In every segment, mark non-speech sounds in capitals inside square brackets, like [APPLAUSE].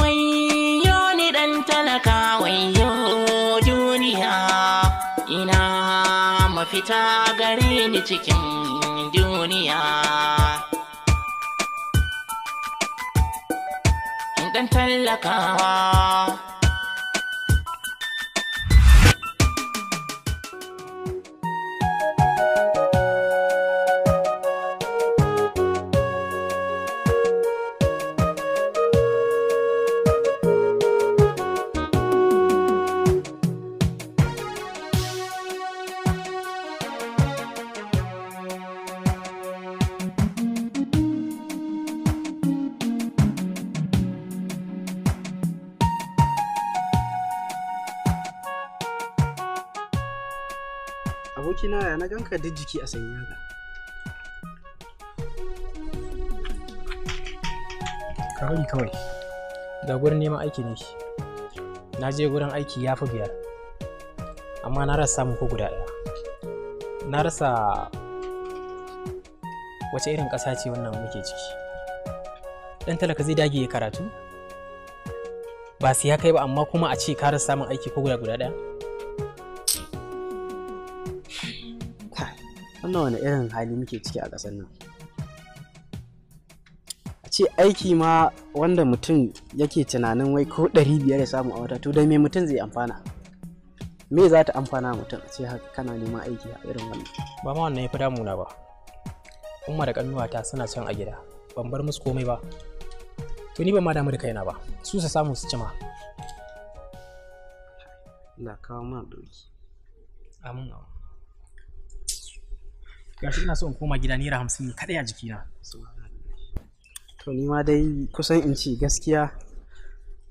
Wayyo ni ɗan talaka wayyo duniya ina mafita gare ni cikin duniya. Ɗan talakawa abokina ya na ganka duk jiki a sanya ga ka kawai da gurin neman aiki ne na je gurin aiki ya fi biyar amma na rasa samun ko guda ɗaya na rasa wace irin ƙasa ce wannan muke ciki ɗan talaka zai dage karatu ba su ya kai ba amma kuma a ce ka rasa samun aiki ko guda guda ɗaya wannan wani irin hali muke ciki a ƙasar nan a ce aiki ma wanda mutum yake tunanin wai ko ɗari biyar ya samu a wata to dai me mutum zai amfana me za ta amfana mutum a ce kana neman aiki a irin wannan ba ma wannan ya fi damuna ba umma da ta suna son a gida ban bar musu komai ba to ni ban ma damu da kaina ba su su samu su cima na kawo mana doki. amin amin gashi ina so in koma gida naira hamsin ne kadai a jikina to ni ma dai kusan in ce gaskiya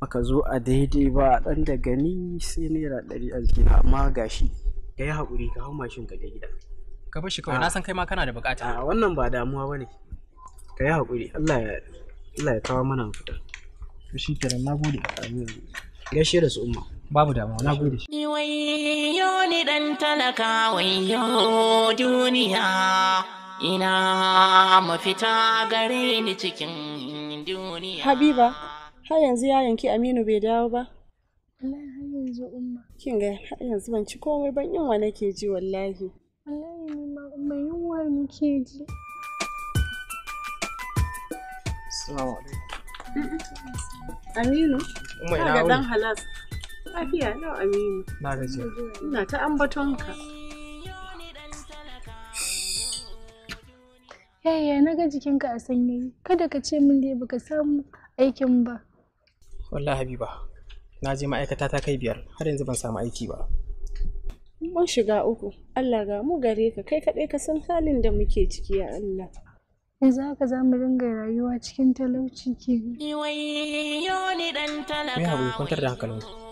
baka zo a daidai ba ɗan da gani sai naira ɗari a jikina amma gashi ka yi haƙuri ka hau mashin ka gida ka bar shi kawai na san kai ma kana da bukata a wannan ba damuwa ne ka yi haƙuri Allah ya Allah ya kawo mana fita to shi kenan na gode gaishe da su umma babu damuwa na gode shi wayo ni dan talaka wayo duniya ina mafita gare ni cikin duniya habiba har yanzu ki aminu bai dawo ba wallahi har yanzu umma kin ga har yanzu ban ci komai ban yunwa nake ji wallahi wallahi ni ma umma yunwa nake ji assalamu alaikum aminu ka ga dan halas Lafiya Aminu. Na Ina ta Yaya na ga jikinka a sanyi kada ka ce min dai baka samu aikin ba. Wallahi Habiba, na je ma'aikata ta kai biyar har yanzu ban samu aiki ba. Mun shiga uku, Allah ga mu gare ka kai kaɗai ka san halin da muke ciki ya Allah. yanzu haka za mu dinga rayuwa cikin talauci ke. Iwai yoni Me kwantar da hankalinku.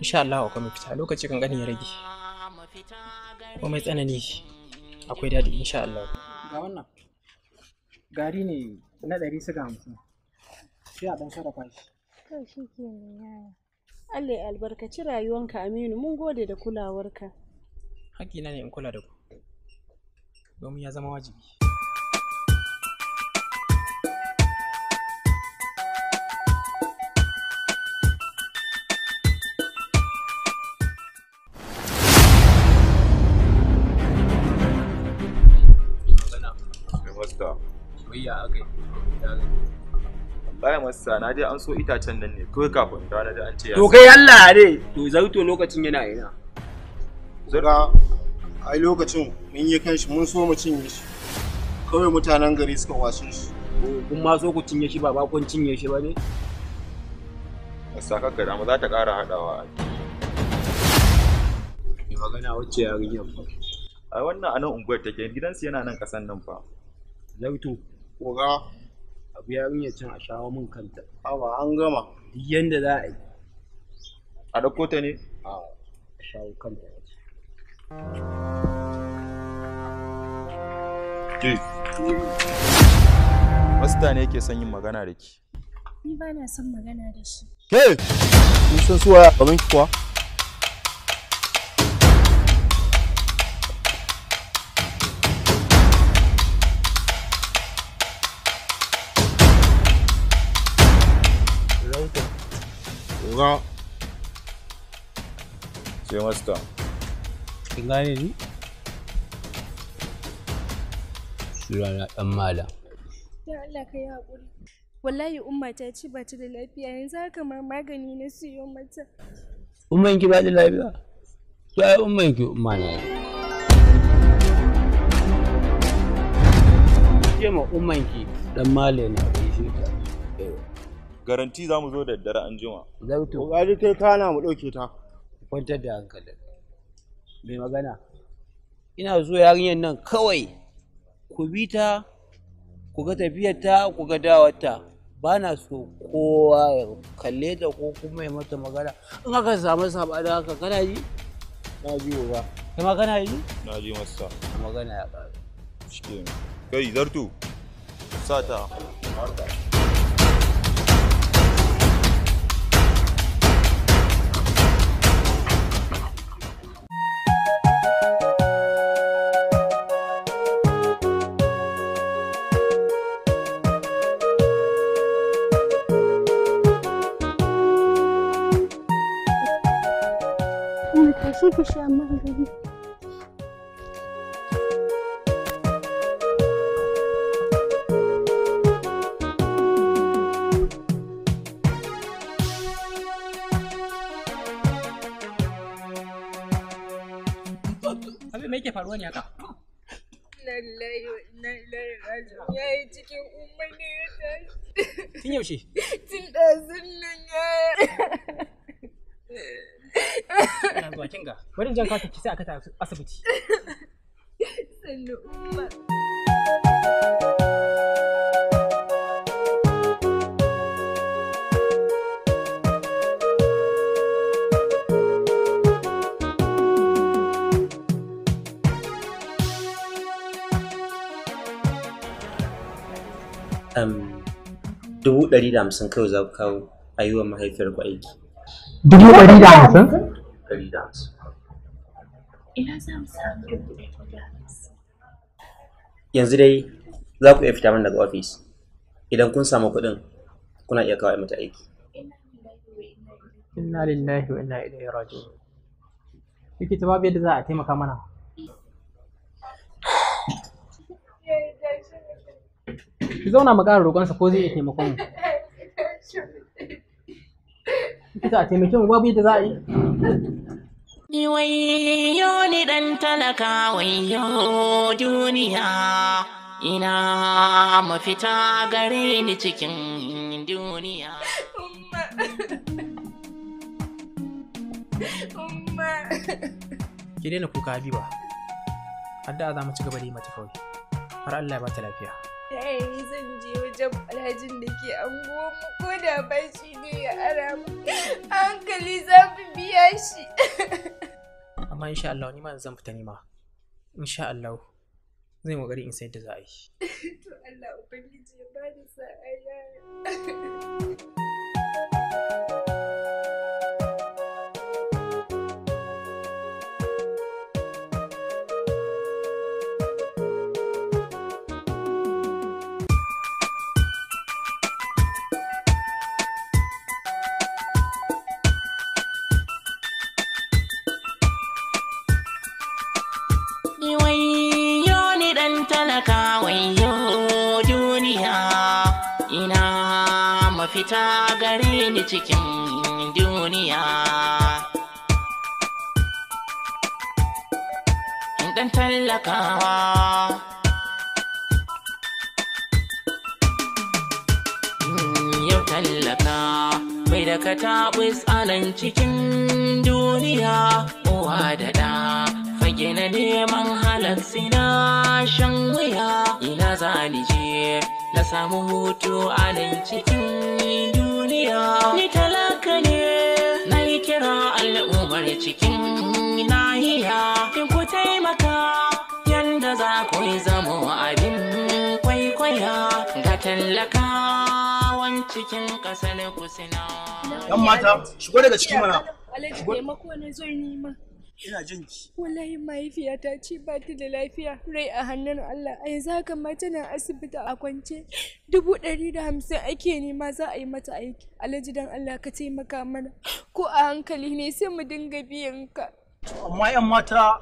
insha Allah akwai mafita lokaci kan gani ya rage komai tsanani akwai daɗi insha Allah ga wannan gari ne na ɗari suga hamsin sai a ɗan sarrafa shi to shi ke yaya Allah ya albarkaci rayuwanka Aminu mun gode da kulawarka hakina ne in kula da ku domin ya zama wajibi soyayya aka yi baya masa na dai an so itacen nan ne kawai kafin da na da an ce ya to kai Allah ne to zauto lokacin yana ina zura ai lokacin mun yi kanshi mun so mu cinye shi kawai mutanen gari suka washe shi kun ma so ku cinye shi ba ba kun cinye shi ba ne saka ka damu za ta ƙara haɗawa a magana wacce yarinyar fa a wannan anan unguwar take gidansu yana nan ƙasan nan fa Oga. Abu yarinya can a shawo min kanta. Ama an gama. Duk yanda za a yi. A ɗauko ta ne? A shawo kanta. ce Masta ne ke son yin magana da ki. Ni ba na son magana da shi. Ke! Ni son suwa a gaban ki kuwa? oga ce masta kin gane dan malam ya Allah ka yi hakuri wallahi umma ta ci ba ta da lafiya yanzu haka ma magani na siyo mata umman ki ba da lafiya to ai umman ki umma na ce ma umman ki dan male na shi ta garanti za mu zo da daddare an jima zautu kokari kai kana mu dauke ta kwantar da hankali. mai magana ina zo yarinyar nan kawai ku bi ta ku ga tafiyar ta ku ga dawar ta ba na so kowa ya kalle ta ko kuma ya mata magana in aka samu saba da haka kana ji na ji ba kai magana yi na ji masa magana ya ƙaru shi kai zartu sata marka ka sha magani me yake faruwa ne haka lallai lallai ya yi cikin umma ya tashi tun yaushe tun ba kinga bari jan ka ki sai aka ta asibiti [LAUGHS] dubu ɗari da hamsin kawai za ku kawo a yi wa aiki. Dubu ɗari da hamsin? ɗari Ina da Yanzu dai za ku iya fita min daga ofis. Idan kun samu kuɗin kuna iya kawo mata aiki. Inna lillahi wa inna ilaihi raji'un. Yake ta babu yadda za a taimaka mana. Ki zauna mu ƙara roƙonsa ko zai iya taimakon mu. [LAUGHS] Likita a taimake mu babu yadda za a yi. Wayo ni ɗan talaka wayo duniya ina mafita gare ni cikin duniya. Ki daina kuka Habiba, har da za mu ci gaba da yi mata kawai, har Allah ya ba ta lafiya. ta yaya zan je wajen alhajin da ke an goma ko da bashi ne ya ara hankali za mu biya shi amma insha Allah ni ma zan fita nima insha Allah yi kokari in sai da za a yi [LAUGHS] to Allah ubangiji ya bani sa'a [LAUGHS] talaka wayo duniya ina mafita gare ni cikin duniya dan tallaka mm, yau tallaka bai da ka taɓi tsanan cikin duniya uwa da ɗa Gina neman halar na shan wuya ina za ni je na samu hutu a nan cikin duniya. Ni talaka ne na yi kira al'ummar cikin nahiya. In ku taimaka yanda za ku yi zamo abin kwaikwaya ga tallaka cikin ƙasar kusina. Yan mata, shigo daga cikin mana. Alex, taimako ne yi nima. ina jin ki wallahi ta ce ba ta da lafiya rai a hannun Allah ai za ka ma tana asibiti a kwance dubu ɗari da hamsin ake nema za a yi mata aiki alhaji dan Allah ka taimaka mana ko a hankali ne sai mu dinga biyan ka amma yan mata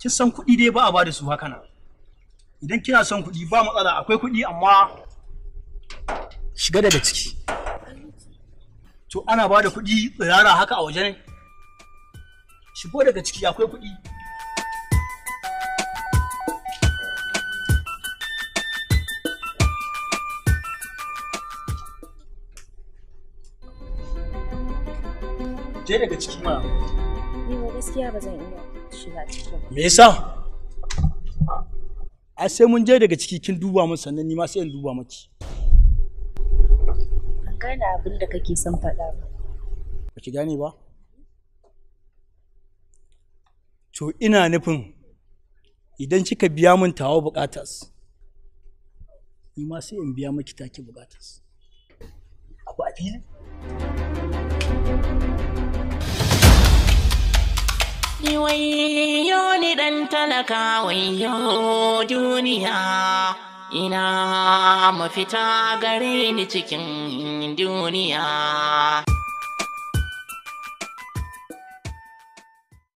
kin san kuɗi dai ba a ba da su haka nan idan kina son kuɗi ba matsala akwai kuɗi amma shiga daga ciki to ana ba da kuɗi tsirara haka a waje ne shigo daga ciki akwai kuɗi je daga ciki ma ni ma gaskiya ba zan iya shiga ciki ba me yasa a sai mun je daga ciki kin duba mun sannan ni ma sai in duba maki ban gane abin da kake son faɗa ba ba ki gane ba to ina nufin idan kika biya min tawa bukatas ni ma sai in biya miki take bukatas abu a fili Wayo ni dan talaka wayo duniya ina mafita gare ni cikin duniya.